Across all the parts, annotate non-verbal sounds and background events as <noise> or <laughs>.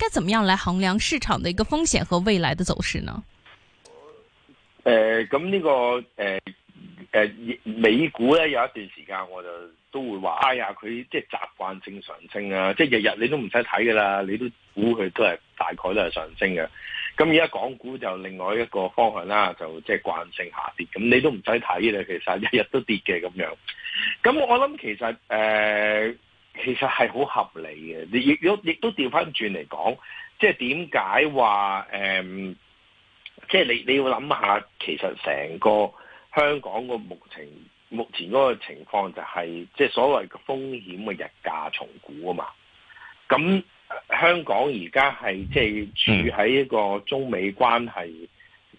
該怎麼樣來衡量市場的一個風險和未來的走勢呢？誒、呃，咁呢、這個誒誒、呃呃，美股咧有一段時間我就都會話，哎呀，佢即係習慣性上升啊，即係日日你都唔使睇噶啦，你都估佢都係大概都係上升嘅。咁而家港股就另外一個方向啦，就即係慣性下跌。咁你都唔使睇啦，其實日日都跌嘅咁樣。咁我諗其實誒。呃其實係好合理嘅，就是嗯就是，你亦都亦都調翻轉嚟講，即係點解話誒？即係你你要諗下，其實成個香港個目前目前嗰個情況就係即係所謂嘅風險嘅溢價重估啊嘛。咁香港而家係即係住喺一個中美關係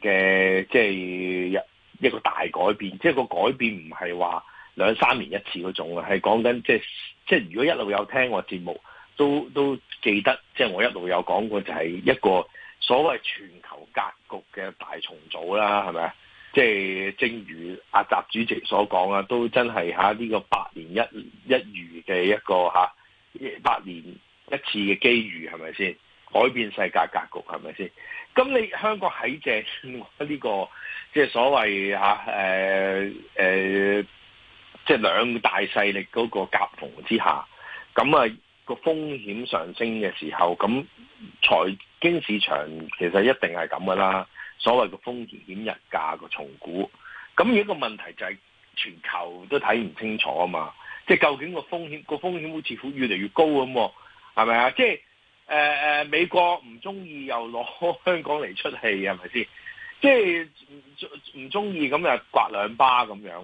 嘅即係一一個大改變，即、就、係、是、個改變唔係話。兩三年一次嗰種啊，係講緊即係即係如果一路有聽我節目，都都記得，即係我一路有講過，就係一個所謂全球格局嘅大重組啦，係咪？即係正如阿習主席所講啊，都真係嚇呢個百年一一遇嘅一個嚇百年一次嘅機遇，係咪先？改變世界格局係咪先？咁你香港喺正呢個即係所謂嚇誒即係兩大勢力嗰個夾縫之下，咁啊個風險上升嘅時候，咁財經市場其實一定係咁噶啦。所謂個風險溢價個重估，咁而一個問題就係全球都睇唔清楚啊嘛。即係究竟個風險個風險好似乎越嚟越高咁，係咪啊？是即係誒誒，美國唔中意又攞香港嚟出氣，係咪先？即係唔唔中意咁又刮兩巴咁樣。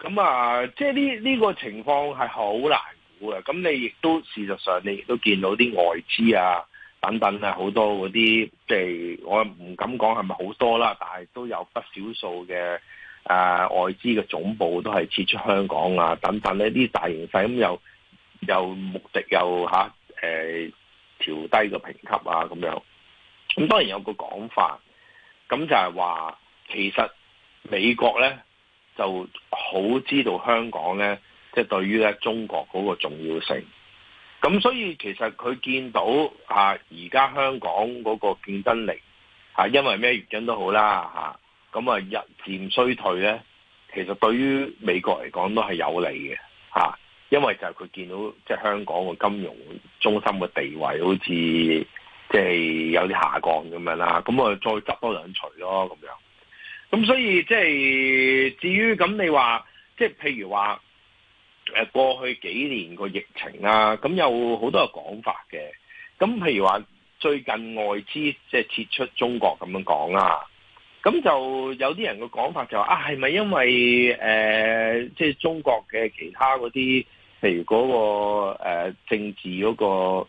咁啊，即係呢呢個情況係好難估嘅。咁你亦都事實上，你亦都見到啲外資啊，等等啊，好多嗰啲，即係我唔敢講係咪好多啦，但係都有不少數嘅誒、呃、外資嘅總部都係撤出香港啊，等等呢、啊、啲大型勢，咁又又目的又嚇、啊呃、調低個評級啊，咁樣。咁當然有個講法，咁就係話其實美國咧。就好知道香港咧，即係、就是、對於咧中國嗰個重要性，咁所以其實佢見到啊，而家香港嗰個競爭力啊，因為咩原因都好啦吓，咁啊日漸、啊啊、衰退咧，其實對於美國嚟講都係有利嘅吓、啊，因為就係佢見到即係、就是、香港嘅金融中心嘅地位好似即係有啲下降咁樣啦，咁啊，啊，啊再執多兩錘咯咁樣。咁所以即係至於，咁你話，即係譬如話，誒過去幾年個疫情啊，咁有好多個講法嘅。咁譬如話最近外資即係撤出中國咁樣講啦，咁就有啲人嘅講法就話啊，係咪因為誒即係中國嘅其他嗰啲，譬如嗰個誒、呃、政治嗰個。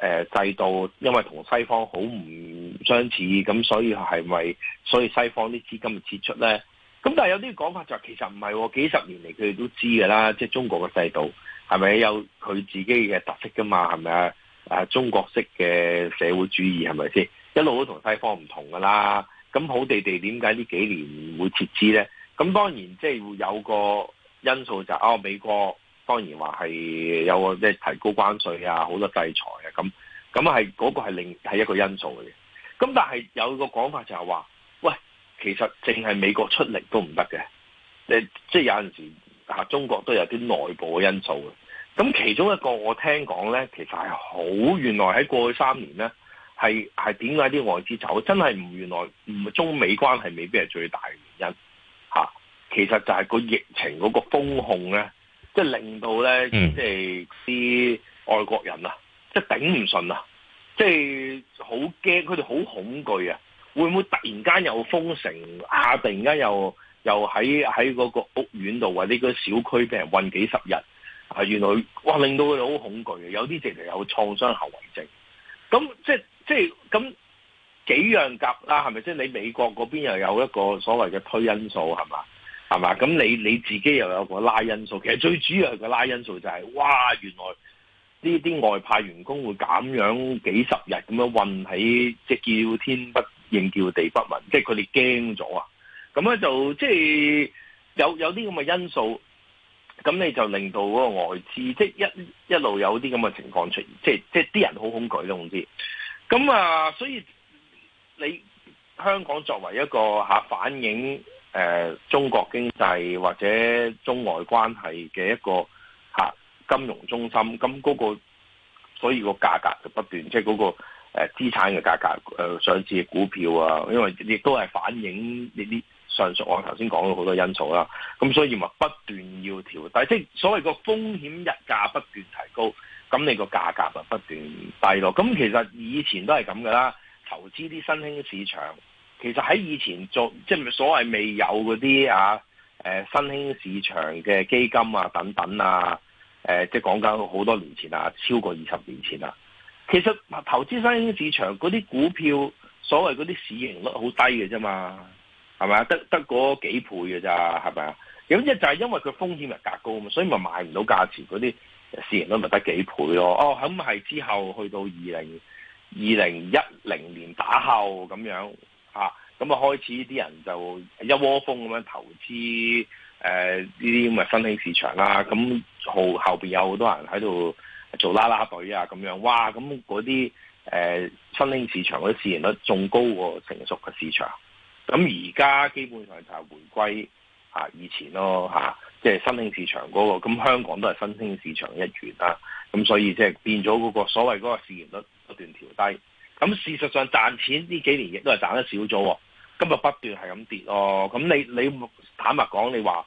誒、呃、制度，因為同西方好唔相似，咁所以係咪所以西方啲資金嘅撤出咧？咁但係有啲講法就係、其實唔係、哦，幾十年嚟佢哋都知㗎啦，即、就、係、係、中國嘅制度係咪有佢自己嘅特色㗎嘛？係咪啊？啊中國式嘅社會主義係咪先？一路都同西方唔同㗎啦。咁好地地點解呢幾年會撤資咧？咁當然即係會有個因素就係、係哦、美國。當然話係有個即係提高關稅啊，好多制裁啊，咁咁係嗰個係另係一個因素嘅。咁但係有個講法就係話，喂，其實淨係美國出力都唔得嘅。誒，即係有陣時啊，中國都有啲內部嘅因素嘅。咁其中一個我聽講咧，其實係好原來喺過去三年咧，係係點解啲外資走？真係唔原來唔係中美關係未必係最大嘅原因嚇。啊，其實就係個疫情嗰個風控咧。即係令到咧，即係啲外國人啊，即係頂唔順啊，即係好驚，佢哋好恐懼啊，會唔會突然間又封城啊？突然間又又喺喺嗰個屋苑度啊？或者呢個小區俾人困幾十日啊！原來哇，令到佢哋好恐懼啊！有啲直情有創傷後遺症。咁即係即係咁幾樣夾啦，係咪？即係你美國嗰邊又有一個所謂嘅推因素，係嘛？係嘛？咁你你自己又有個拉因素。其實最主要係個拉因素就係，是，哇！原來呢啲外派員工會咁樣幾十日咁樣混喺，即，就是，叫天不應，叫地不聞。即係佢哋驚咗啊！咁咧就即係，就是，有有啲咁嘅因素，咁你就令到嗰個外資即係，就是，一一路有啲咁嘅情況出現。即係即係啲人好恐懼咯，唔知，咁啊。所以你香港作為一個嚇、啊、反映。誒、呃，中國經濟或者中外關係嘅一個吓、啊、金融中心，咁嗰、那個所以那個價格就不斷，即係嗰個誒資、呃、產嘅價格誒、呃，上市股票啊，因為亦都係反映呢啲上述我頭先講咗好多因素啦。咁所以咪不斷要調低，但係即係所謂個風險溢價不斷提高，咁你個價格就不斷低咯。咁其實以前都係咁噶啦，投資啲新興市場。其實喺以前做即係所謂未有嗰啲啊，誒、呃、新興市場嘅基金啊等等啊，誒、呃、即係講緊好多年前啊，超過二十年前啊。其實投資新興市場嗰啲股票，所謂嗰啲市盈率好低嘅啫嘛，係咪啊？得得嗰幾倍嘅咋，係咪啊？咁即就係因為佢風險係較高啊嘛，所以咪買唔到價錢嗰啲市盈率咪得幾倍咯。哦，咁係之後去到二零二零一零年打後咁樣。咁啊，開始啲人就一窩蜂咁樣投資誒呢啲咁嘅新興市場啦。咁後後邊有好多人喺度做啦啦隊啊，咁樣哇！咁嗰啲誒新興市場嗰啲市盈率仲高過成熟嘅市場。咁而家基本上就係回歸嚇、啊、以前咯、嚇、即係新興市場嗰個。咁香港都係新興市場一員啦。咁所以即係變咗嗰個所謂嗰個市盈率不斷調低。咁事實上賺錢呢幾年亦都係賺得少咗。今日不斷係咁跌咯，咁、哦、你你坦白講，你話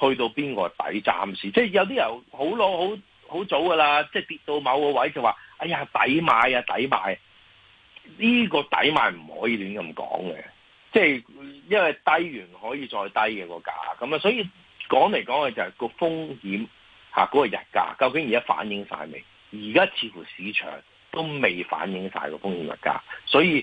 去到邊個底暫時？即係有啲人好老好好早㗎喇，即係跌到某個位就話：哎呀，抵買啊，抵買！呢、呢個抵買唔可以亂咁講嘅，即係因為低完可以再低嘅、嗰個價，咁啊，所以來講嚟講去就係、係嗰個風險嚇嗰、嗰個日價，究竟而家反映晒未？而家似乎市場都未反映晒、嗰個風險日價，所以。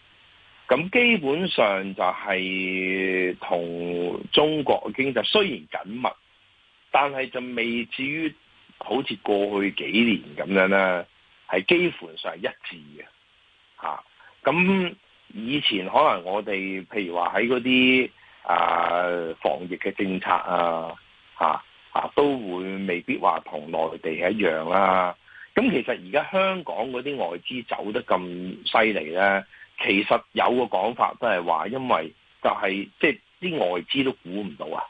咁基本上就係同中國經濟雖然緊密，但係就未至於好似過去幾年咁樣咧，係基本上係一致嘅。嚇、啊！咁以前可能我哋譬如話喺嗰啲啊防疫嘅政策啊嚇嚇、啊、都會未必話同內地一樣啦、啊。咁其實而家香港嗰啲外資走得咁犀利咧。其實有個講法都係話，因為就係即係啲外資都估唔到啊！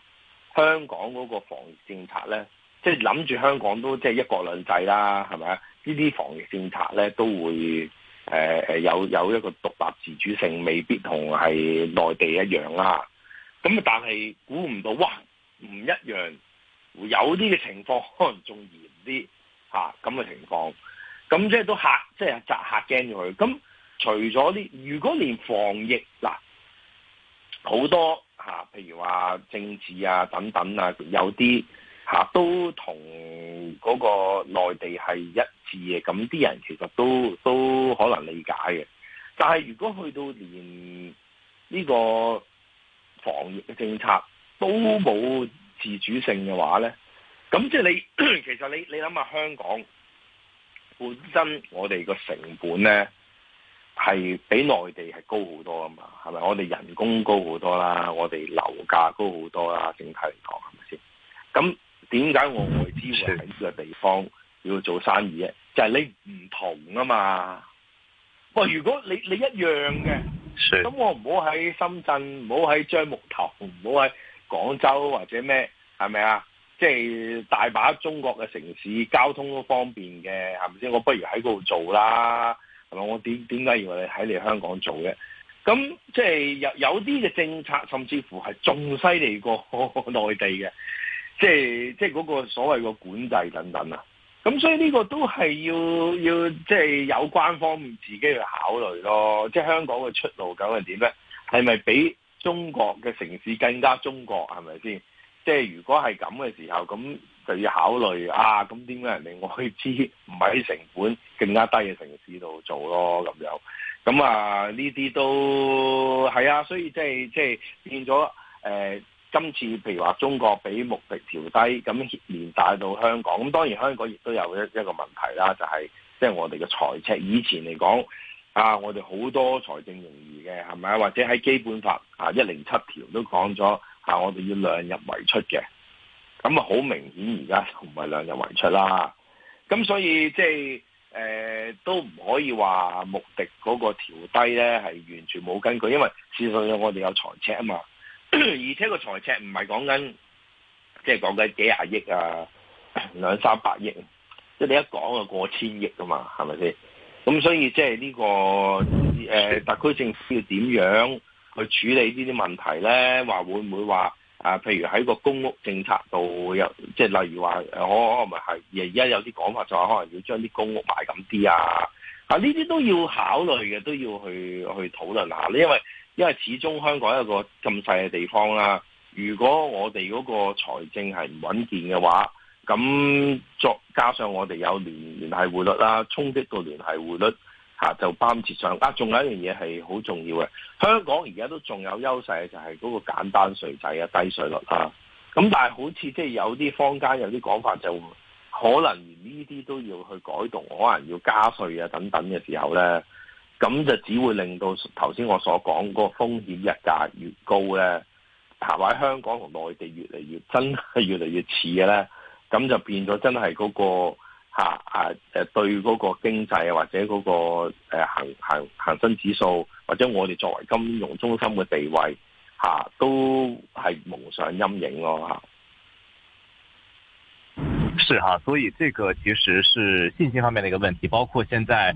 香港嗰個防疫政策咧，即係諗住香港都即係一國兩制啦，係咪啊？呢啲防疫政策咧都會誒、呃、有有一個獨立自主性，未必同係內地一樣啦。咁但係估唔到哇，唔一樣，有啲嘅情況可能仲嚴啲嚇咁嘅情況，咁即係都嚇，即係窒嚇驚咗佢咁。除咗呢，如果連防疫嗱好多吓，譬如話政治啊等等啊，有啲吓，都同嗰個內地係一致嘅，咁啲人其實都都可能理解嘅。但係如果去到連呢個防疫嘅政策都冇自主性嘅話咧，咁即係你其實你你諗下香港本身我哋個成本咧。係比內地係高好多啊嘛，係咪？我哋人工高好多啦，我哋樓價高好多啦，整體嚟講係咪先？咁點解我外資會喺呢個地方要做生意咧？就係、是、你唔同啊嘛。喂、哦，如果你你一樣嘅，咁我唔好喺深圳，唔好喺樟木頭，唔好喺廣州或者咩，係咪啊？即、就、係、是、大把中國嘅城市，交通都方便嘅，係咪先？我不如喺嗰度做啦。係我點點解以為你喺你香港做嘅？咁即係有有啲嘅政策，甚至乎係仲犀利過內地嘅，即係即係嗰個所謂個管制等等啊！咁所以呢個都係要要即係有關方面自己去考慮咯。即係香港嘅出路究竟點咧？係咪比中國嘅城市更加中國係咪先？即係如果係咁嘅時候，咁就要考慮啊！咁點解人哋我去知唔係喺成本更加低嘅城市度做咯？咁樣咁啊！呢啲都係啊！所以即係即係變咗誒、呃，今次譬如話中國俾目的調低，咁連帶到香港。咁當然香港亦都有一一個問題啦，就係即係我哋嘅財赤。以前嚟講啊，我哋好多財政盈餘嘅係咪啊？或者喺基本法啊一零七條都講咗。我哋要量入為出嘅，咁啊好明顯而家唔係量入為出啦。咁所以即係誒都唔可以話目的嗰個調低呢係完全冇根據，因為事實上我哋有財赤啊嘛，咳咳，而且個財赤唔係講緊即係講緊幾廿億啊、兩三百億，即係你一講就過千億啊嘛，係咪先？咁所以即係呢個誒、呃、特區政府要點樣？去處理呢啲問題咧，話會唔會話啊？譬如喺個公屋政策度有，即係例如話，啊，我可能唔係而而家有啲講法，就係可能要將啲公屋買緊啲啊！啊，呢啲都要考慮嘅，都要去去討論下。因為因為始終香港一個咁細嘅地方啦、啊，如果我哋嗰個財政係唔穩健嘅話，咁作加上我哋有聯聯繫匯率啦、啊，衝擊到聯繫匯率。就啊！就班次上啊！仲有一樣嘢係好重要嘅，香港而家都仲有優勢就係、是、嗰個簡單稅制啊、低稅率啊。咁但係好似即係有啲坊間有啲講法，就可能呢啲都要去改動，可能要加稅啊等等嘅時候咧，咁就只會令到頭先我所講個風險溢價越高咧，行喺香港同內地越嚟越真係越嚟越似嘅咧，咁就變咗真係嗰、那個。吓啊！誒、啊，對嗰個經濟啊，或者嗰個誒恒恒恒生指數，或者我哋作為金融中心嘅地位，吓、啊、都係蒙上陰影咯。吓，是哈、啊，所以這個其實是信心方面嘅一個問題，包括現在。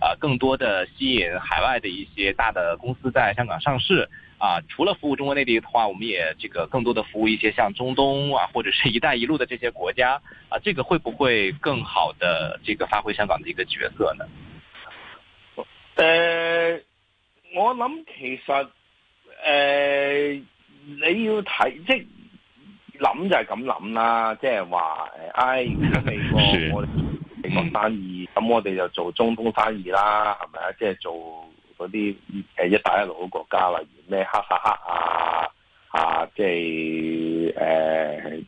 啊，更多的吸引海外的一些大的公司在香港上市，啊，除了服務中國內地的話，我們也這個更多的服務一些像中東啊，或者是一帶一路的這些國家，啊，這個會不會更好的這個發揮香港的一個角色呢？呃，我諗其實誒、呃，你要睇，即諗就係咁諗啦，即係話哎，美國 <laughs> 是我美國單咁我哋就做中東生意啦，係咪啊？即係做嗰啲誒一帶一路嘅國家，例如咩哈薩克啊啊，即係誒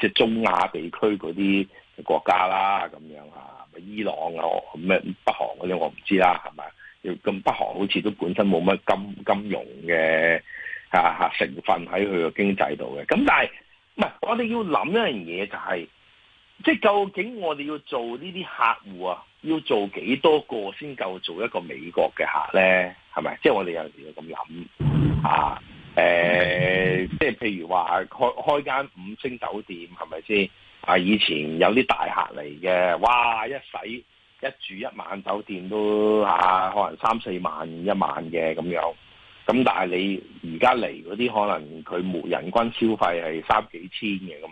即係中亞地區嗰啲國家啦，咁樣啊，咪伊朗啊，咁咩北韓嗰啲我唔知啦，係咪？咁北韓好似都本身冇乜金金融嘅啊成分喺佢嘅經濟度嘅。咁但係唔係我哋要諗一樣嘢就係。即係究竟我哋要做呢啲客戶啊，要做幾多個先夠做一個美國嘅客咧？係咪？即係我哋有陣時咁諗啊？誒、欸，即係譬如話開開間五星酒店係咪先？啊，以前有啲大客嚟嘅，哇！一使一住一晚酒店都嚇、啊，可能三四萬一晚嘅咁樣。咁但係你而家嚟嗰啲可能佢人均消費係三幾千嘅咁。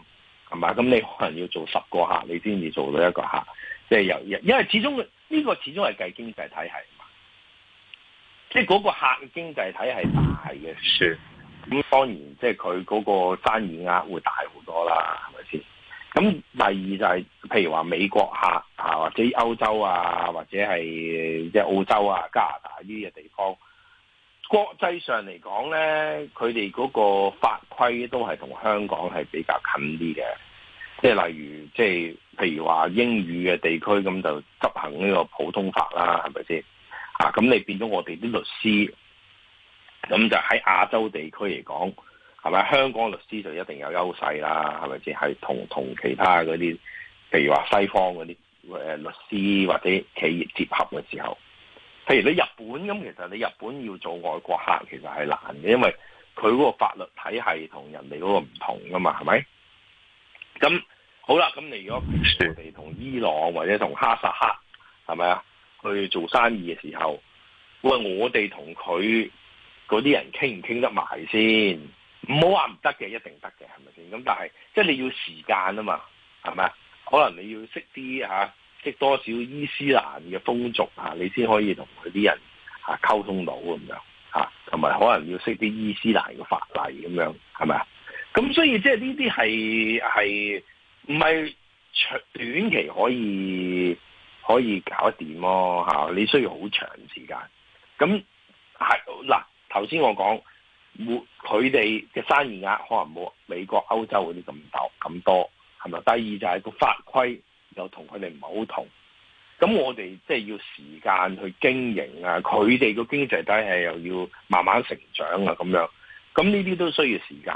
係嘛？咁你可能要做十個客，你先至做到一個客，即係由因因為始終呢個始終係計經濟體系嘛，即係嗰個客嘅經濟體系大嘅算，咁當然即係佢嗰個生意額會大好多啦，係咪先？咁第二就係譬如話美國客啊，或者歐洲啊，或者係即係澳洲啊、加拿大呢啲嘅地方。國際上嚟講咧，佢哋嗰個法規都係同香港係比較近啲嘅，即係例如，即係譬如話英語嘅地區咁就執行呢個普通法啦，係咪先？啊，咁你變咗我哋啲律師，咁就喺亞洲地區嚟講，係咪香港律師就一定有優勢啦？係咪先？係同同其他嗰啲，譬如話西方嗰啲誒律師或者企業結合嘅時候。譬如你日本咁，其實你日本要做外國客，其實係難嘅，因為佢嗰個法律體系同人哋嗰個唔同噶嘛，係咪？咁好啦，咁你如果譬如同伊朗或者同哈薩克係咪啊，去做生意嘅時候，喂，我哋同佢嗰啲人傾唔傾得埋先？唔好話唔得嘅，一定得嘅，係咪先？咁但係即係你要時間啊嘛，係咪啊？可能你要識啲嚇。啊識多少伊斯蘭嘅風俗啊，你先可以同佢啲人啊溝通到咁樣啊，同埋可能要識啲伊斯蘭嘅法例咁樣，係咪啊？咁所以即係呢啲係係唔係長短期可以可以搞得掂咯吓？你需要好長時間。咁，係嗱，頭先、啊、我講，冇佢哋嘅生意額可能冇美國、歐洲嗰啲咁大咁多，係咪？第二就係個法規。又同佢哋唔好同，咁我哋即係要時間去經營啊，佢哋個經濟體系又要慢慢成長啊，咁樣，咁呢啲都需要時間，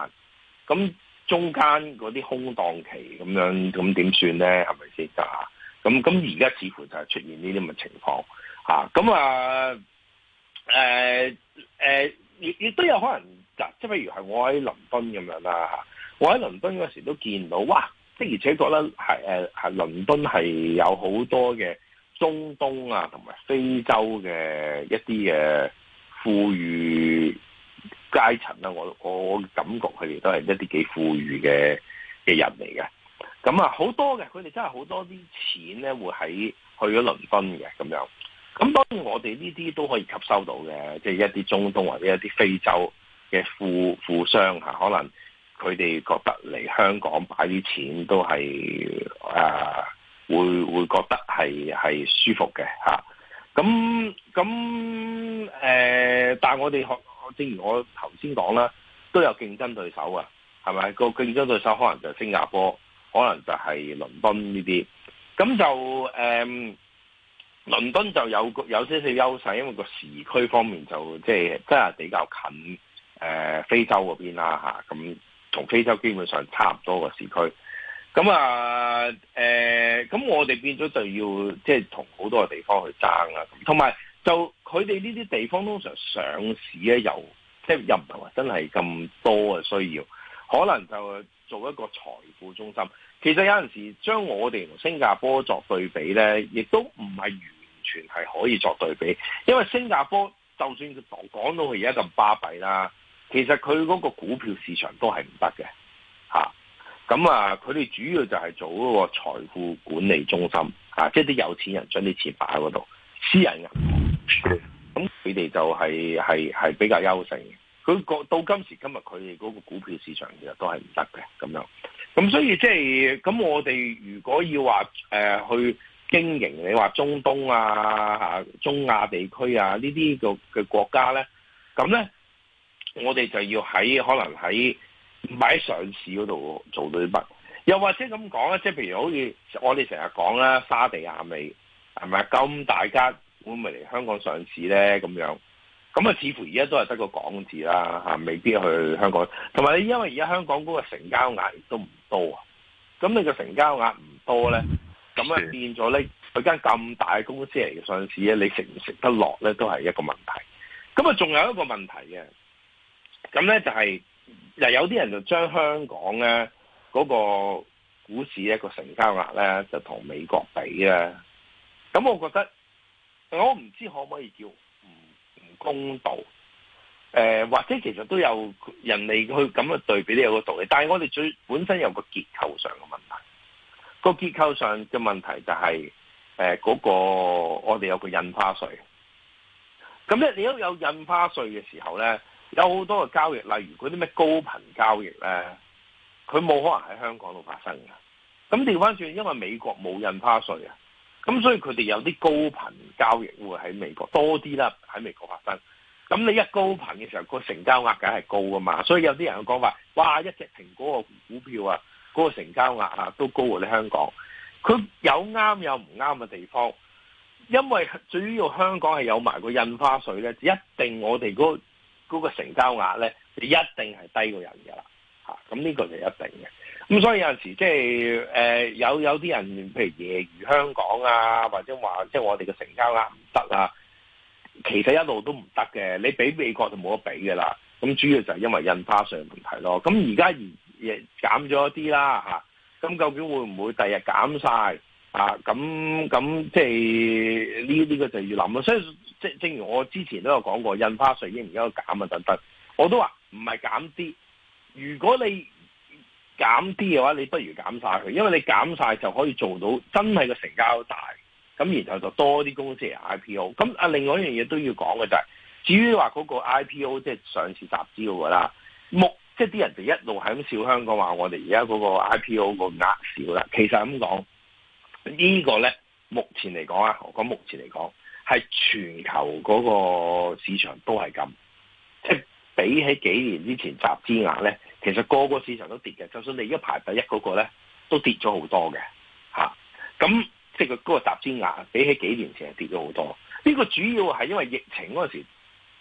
咁中間嗰啲空檔期咁樣，咁點算咧？係咪先？吓，咁咁而家似乎就係出現呢啲咁嘅情況，吓，咁啊，誒、啊、誒，亦、啊、亦、啊啊、都有可能，即係譬如係我喺倫敦咁樣啦，我喺倫敦嗰時都見到，哇！即而且覺得係誒，係倫敦係有好多嘅中東啊，同埋非洲嘅一啲嘅富裕階層啦，我我感覺佢哋都係一啲幾富裕嘅嘅人嚟嘅。咁啊，好多嘅佢哋真係好多啲錢咧，會喺去咗倫敦嘅咁樣。咁當然我哋呢啲都可以吸收到嘅，即係一啲中東或者一啲非洲嘅富富商嚇可能。佢哋覺得嚟香港擺啲錢都係誒、啊，會會覺得係係舒服嘅嚇。咁咁誒，但係我哋學正如我頭先講啦，都有競爭對手啊，係咪，個競爭對手可能就係新加坡，可能就係倫敦呢啲。咁就誒、嗯，倫敦就有有些少優勢，因為個時區方面就即係、就是、真係比較近誒、呃、非洲嗰邊啦吓？咁、啊同非洲基本上差唔多個市區，咁啊，誒、呃，咁我哋變咗就要即係同好多個地方去爭啦、啊，同埋就佢哋呢啲地方通常上市咧，又即係又唔係話真係咁多嘅需要，可能就做一個財富中心。其實有陣時將我哋同新加坡作對比咧，亦都唔係完全係可以作對比，因為新加坡就算講講到佢而家咁巴閉啦。其實佢嗰個股票市場都係唔得嘅，吓咁啊，佢哋主要就係做嗰個財富管理中心啊，即係啲有錢人將啲錢擺喺嗰度，私人銀行，咁佢哋就係係係比較優勝嘅。佢個到今時今日，佢哋嗰個股票市場其實都係唔得嘅，咁樣。咁、啊、所以即係咁，我哋如果要話誒、呃、去經營，你話中東啊、吓中亞地區啊呢啲個嘅國家咧，咁咧。我哋就要喺可能喺唔喺上市嗰度做到乜？又或者咁講咧，即係譬如好似我哋成日講啦，沙地亞美係咪咁，大家會唔會嚟香港上市咧？咁樣咁啊，就似乎而家都係得個港字啦，嚇、啊，未必去香港。同埋你因為而家香港嗰個成交額亦都唔多啊，咁你個成交額唔多咧，咁啊變咗咧，佢間咁大嘅公司嚟上市咧，你食唔食得落咧，都係一個問題。咁啊，仲有一個問題嘅。咁咧就係，嗱有啲人就將香港咧嗰個股市一個成交額咧，就同美國比咧。咁我覺得，我唔知可唔可以叫唔公道。誒，或者其實都有人哋去咁嘅對比都有個道理，但係我哋最本身有個結構上嘅問題。個結構上嘅問題就係，誒嗰個我哋有個印花稅。咁咧，你都有印花稅嘅時候咧，有好多個交易，例如嗰啲咩高頻交易咧，佢冇可能喺香港度發生㗎。咁調翻轉，因為美國冇印花稅啊，咁所以佢哋有啲高頻交易會喺美國多啲啦，喺美國發生。咁你一高頻嘅時候，個成交額梗係高啊嘛。所以有啲人講話，哇，一隻蘋果個股票啊，嗰、嗰個成交額啊、嗰個、成交額啊都高過你香港。佢有啱有唔啱嘅地方，因為主要香港係有埋個印花稅咧，一定我哋嗰。嗰、那個、成交額咧就一定係低過人嘅啦，咁、啊、呢個就一定嘅。咁所以有陣時即係、就是呃、有有啲人譬如揶揄香港啊，或者話即係我哋嘅成交額唔得啊，其實一路都唔得嘅。你比美國就冇得比嘅啦。咁主要就係因為印花稅問題咯。咁而家而亦減咗啲啦，咁、啊、究竟會唔會第日減晒？啊，咁咁即係呢呢個就要諗咯。所以，即係正如我之前都有講過，印花稅應唔應該減啊等等，我都話唔係減啲。如果你減啲嘅話，你不如減晒佢，因為你減晒就可以做到真係個成交大，咁然後就多啲公司嚟 IPO。咁啊，另外一樣嘢都要講嘅就係、是，至於話嗰個 IPO 即係上市集資嘅啦，目即係啲人就一路喺度笑香港話我哋而家嗰個 IPO 個額少啦。其實咁講。這個、呢個咧，目前嚟講啊，我講目前嚟講，係全球嗰個市場都係咁，即係比起幾年之前集資額咧，其實個個市場都跌嘅。就算你一排第一嗰個咧，都跌咗好多嘅嚇。咁、啊、即係個嗰個集資額比起幾年前係跌咗好多。呢、這個主要係因為疫情嗰陣時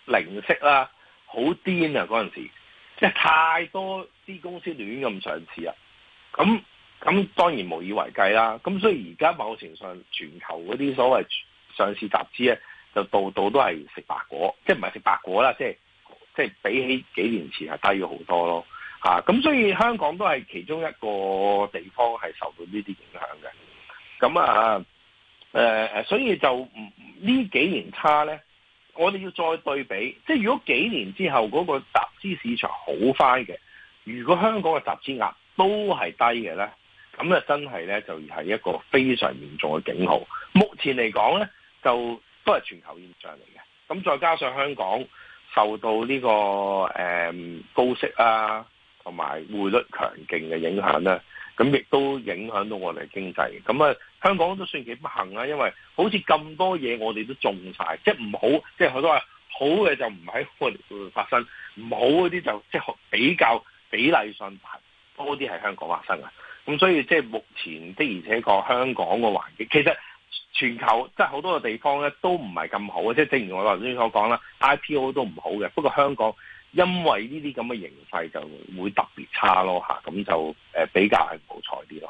零息啦、啊，好癲啊嗰陣時，即係太多啲公司亂咁上市啊，咁。咁當然無以為繼啦。咁所以而家某程度上，全球嗰啲所謂上市集資咧，就度度都係食白果，即係唔係食白果啦，即係即係比起幾年前係低咗好多咯。咁、啊、所以香港都係其中一個地方係受到呢啲影響嘅。咁啊、呃，所以就呢幾年差咧，我哋要再對比，即係如果幾年之後嗰個集資市場好返嘅，如果香港嘅集資額都係低嘅咧？咁咧真係咧就係一個非常嚴重嘅警號。目前嚟講咧，就都係全球現象嚟嘅。咁再加上香港受到呢、呢個誒、嗯、高息啊，同埋匯率強勁嘅影響啦，咁亦都影響到我哋經濟。咁啊，香港都算幾不幸啦、啊，因為好似咁多嘢我哋都中晒，即係唔好，即係佢都話好嘅就唔喺我哋度發生，唔好嗰啲就即係比較比例上多啲喺香港發生嘅。咁所以即係目前的確香港個環境，其實全球即係好多個地方咧都唔係咁好，即係正如我頭先所講啦，IPO 都唔好嘅。不過香港因為呢啲咁嘅形勢就會特別差咯吓，咁就誒比較冇彩啲咯。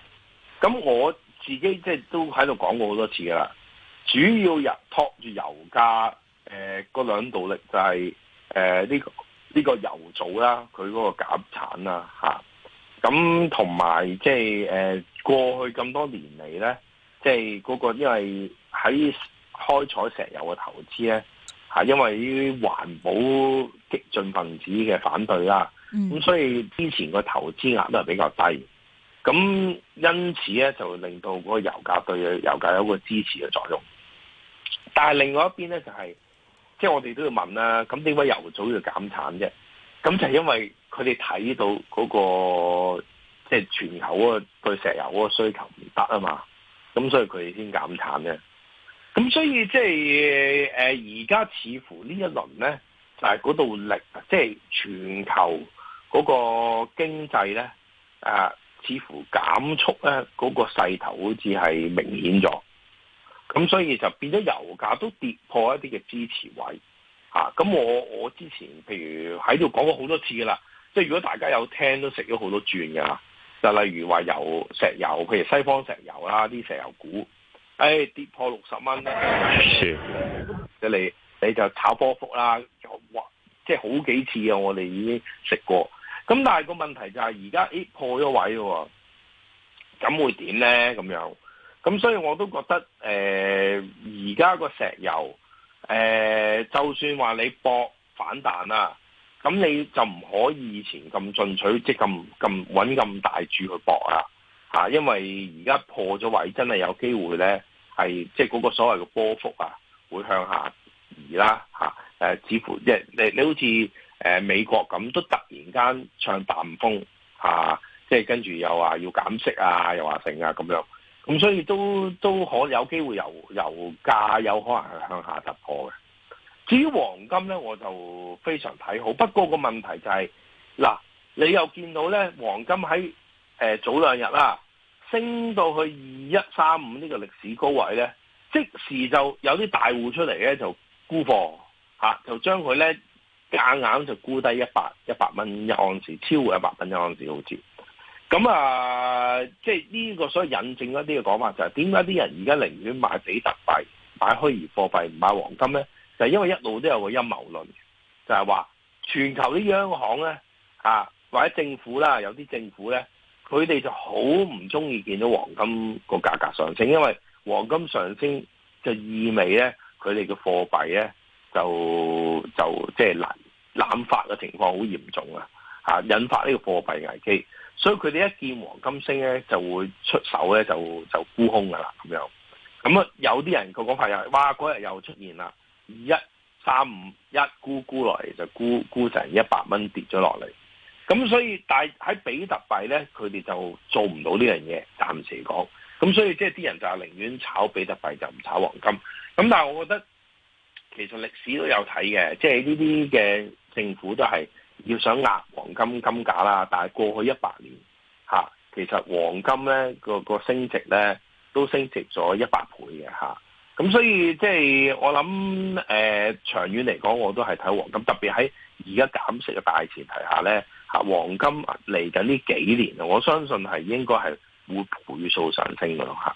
咁我自己即係都喺度講過好多次噶啦，主要日托住油價，嗰、呃、兩道力就係、是、呢、呃呢個呢、呢個、油組啦，佢嗰個減產啦嚇，咁同埋即係過去咁多年嚟咧，即係嗰個因為喺開採石油嘅投資咧、啊、因為啲環保激進分子嘅反對啦，咁、嗯、所以之前個投資額都係比較低。咁因此咧，就令到嗰個油價對油價有一個支持嘅作用。但係另外一邊咧，就係即係我哋都要問啦。咁點解油組要減產啫？咁就係因為佢哋睇到嗰、嗰個即係、就係、全球嗰、嗰個對石油嗰個需求唔得啊嘛。咁所以佢哋先減產啫。咁所以即係而家似乎呢一輪咧，誒嗰度力即係、就係、全球嗰個經濟咧似乎減速咧，嗰、那個勢頭好似係明顯咗，咁所以就變咗油價都跌破一啲嘅支持位嚇。咁、啊、我我之前譬如喺度講過好多次噶啦，即係如果大家有聽都食咗好多轉噶啦。就例如話油、石油，譬如西方石油啦，啲石油股，誒、哎、跌破六十蚊咧，即 <laughs> 你你就炒波幅啦，就哇，即係好幾次啊！我哋已經食過。咁但係個問題就係而家誒破咗位咯，咁會點咧？咁樣，咁所以我都覺得誒，而家個石油誒、呃，就算話你博反彈啦、啊，咁你就唔可以以前咁進取，即咁咁搵咁大注去博啦，吓、啊，因為而家破咗位，真係有機會咧，係即嗰個所謂嘅波幅啊，會向下移啦，吓、啊，誒、啊，似乎即、即係、你你好似。誒、呃、美國咁都突然間唱淡風嚇，即、啊、係、就是、跟住又話要減息啊，又話成啊咁樣，咁所以都都可有機會由油價有可能向下突破嘅。至於黃金呢，我就非常睇好。不過個問題就係、是、嗱，你又見到呢黃金喺、呃、早兩日啦、啊，升到去二一三五呢個歷史高位呢，即時就有啲大戶出嚟呢就沽貨、啊、就將佢呢。硬硬就估低 100, 100元一百一百蚊一盎司，超過100元一百蚊一盎司好似。咁啊，即係呢個所以引證一啲嘅講法就係點解啲人而家寧願買比特幣、買虛擬貨幣唔買黃金呢？就係、是、因為一路都有個陰謀論，就係、是、話全球啲央行呢，啊或者政府啦，有啲政府呢，佢哋就好唔中意見到黃金個價格上升，因為黃金上升就意味呢，佢哋嘅貨幣呢。就就即係濫濫發嘅情況好嚴重啊！吓引發呢個貨幣危機，所以佢哋一見黃金升咧，就會出手咧就就沽空噶啦咁樣。咁啊有啲人個講法又話，嗰日又出現啦，一三五一沽沽落嚟，就沽沽成一百蚊跌咗落嚟。咁所以，但係喺比特幣咧，佢哋就做唔到呢樣嘢，暫時講。咁所以即係啲人就係寧願炒比特幣就唔炒黃金。咁但係我覺得。其實歷史都有睇嘅，即係呢啲嘅政府都係要想壓黃金金價啦。但係過去一百年嚇，其實黃金咧個個升值咧都升值咗一百倍嘅嚇。咁所以即係我諗誒、呃、長遠嚟講，我都係睇黃金，特別喺而家減息嘅大前提下咧嚇，黃金嚟緊呢幾年啊，我相信係應該係會倍數上升㗎咯嚇。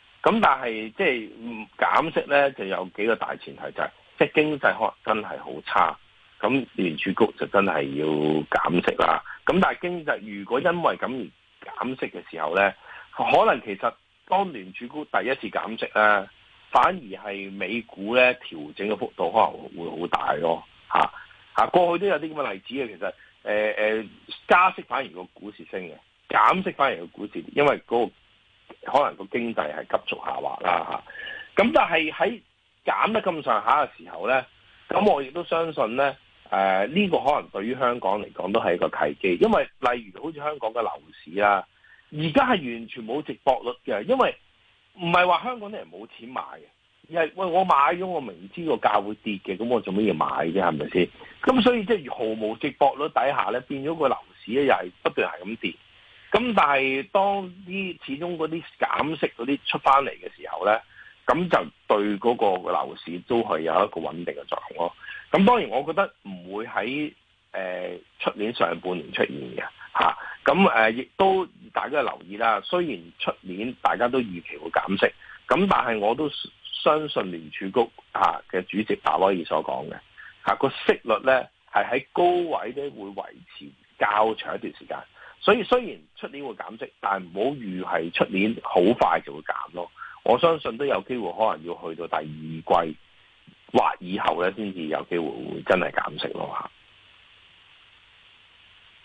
咁但係即係減息咧，就有幾個大前提就係、是，即係經濟可能真係好差，咁聯儲局就真係要減息啦。咁但係經濟如果因為咁而減息嘅時候咧，可能其實當聯儲局第一次減息咧，反而係美股咧調整嘅幅度可能會好大咯。吓、啊、吓過去都有啲咁嘅例子嘅，其實誒誒、呃、加息反而個股市升嘅，減息反而個股市因為嗰、那個。可能個經濟係急速下滑啦嚇，咁但係喺減得咁上下嘅時候咧，咁我亦都相信咧，誒、呃、呢、這個可能對於香港嚟講都係一個契機，因為例如好似香港嘅樓市啦，而家係完全冇值博率嘅，因為唔係話香港啲人冇錢買嘅，而係喂我買咗我明知個價會跌嘅，咁我做乜要買啫？係咪先？咁所以即係毫無值博率底下咧，變咗個樓市咧又係不斷係咁跌。咁但係當啲始終嗰啲減息嗰啲出翻嚟嘅時候咧，咁就對嗰個樓市都係有一個穩定嘅作用咯。咁當然我覺得唔會喺誒出年上半年出現嘅嚇。咁誒亦都大家留意啦。雖然出年大家都預期會減息，咁但係我都相信聯儲局嘅、嚇、主席鮑威爾所講嘅、嚇那個息率咧係喺高位咧會維持較長一段時間。所以雖然出年會減息，但係唔好預係出年好快就會減咯。我相信都有機會，可能要去到第二季或以後咧，先至有機會會真係減息咯。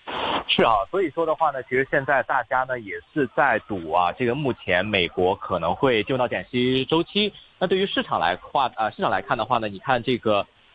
吓，是啊，所以說的話呢，其實現在大家呢也是在賭啊，這個目前美國可能會進入到減息週期。那對於市場來話，啊市場來看的話呢，你看這個。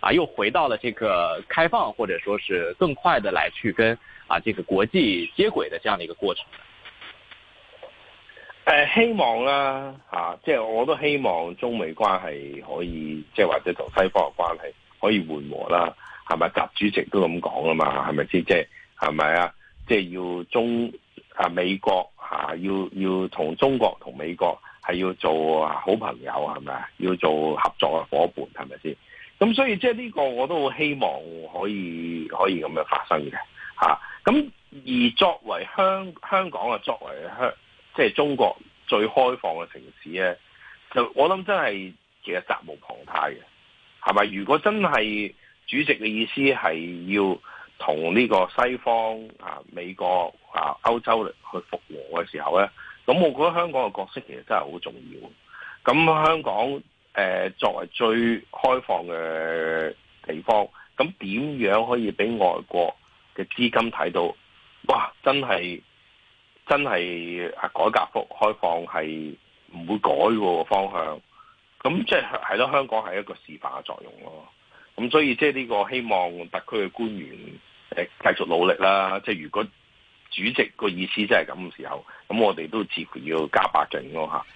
啊，又回到了這個開放或者說是更快的來去跟啊這個國際接軌的這樣的一個過程。誒、呃，希望啦、啊、嚇、啊，即係我都希望中美關係可以即係或者同西方嘅關係可以緩和啦，係咪習主席都咁講啊嘛，係咪先？即係係咪啊？即係要中啊美國嚇、啊、要要同中國同美國係要做好朋友係咪啊？要做合作嘅伙伴係咪先？咁所以即係呢個我都好希望可以可以咁樣發生嘅吓。咁、啊、而作為香香港啊，作為香即係、就是、中國最開放嘅城市咧，就我諗真係其實責無旁貸嘅，係咪？如果真係主席嘅意思係要同呢個西方啊、美國啊、歐洲去復和嘅時候咧，咁我覺得香港嘅角色其實真係好重要。咁香港。誒作為最開放嘅地方，咁點樣可以俾外國嘅資金睇到？哇！真係真係改革、福開放係唔會改嘅，啊、方向。咁即係係咯，香港係一個示範嘅作用咯，啊。咁所以即係呢個希望特區嘅官員誒繼續努力啦，啊。即係如果主席個意思真係咁嘅時候，咁我哋都似乎要加把勁咯嚇。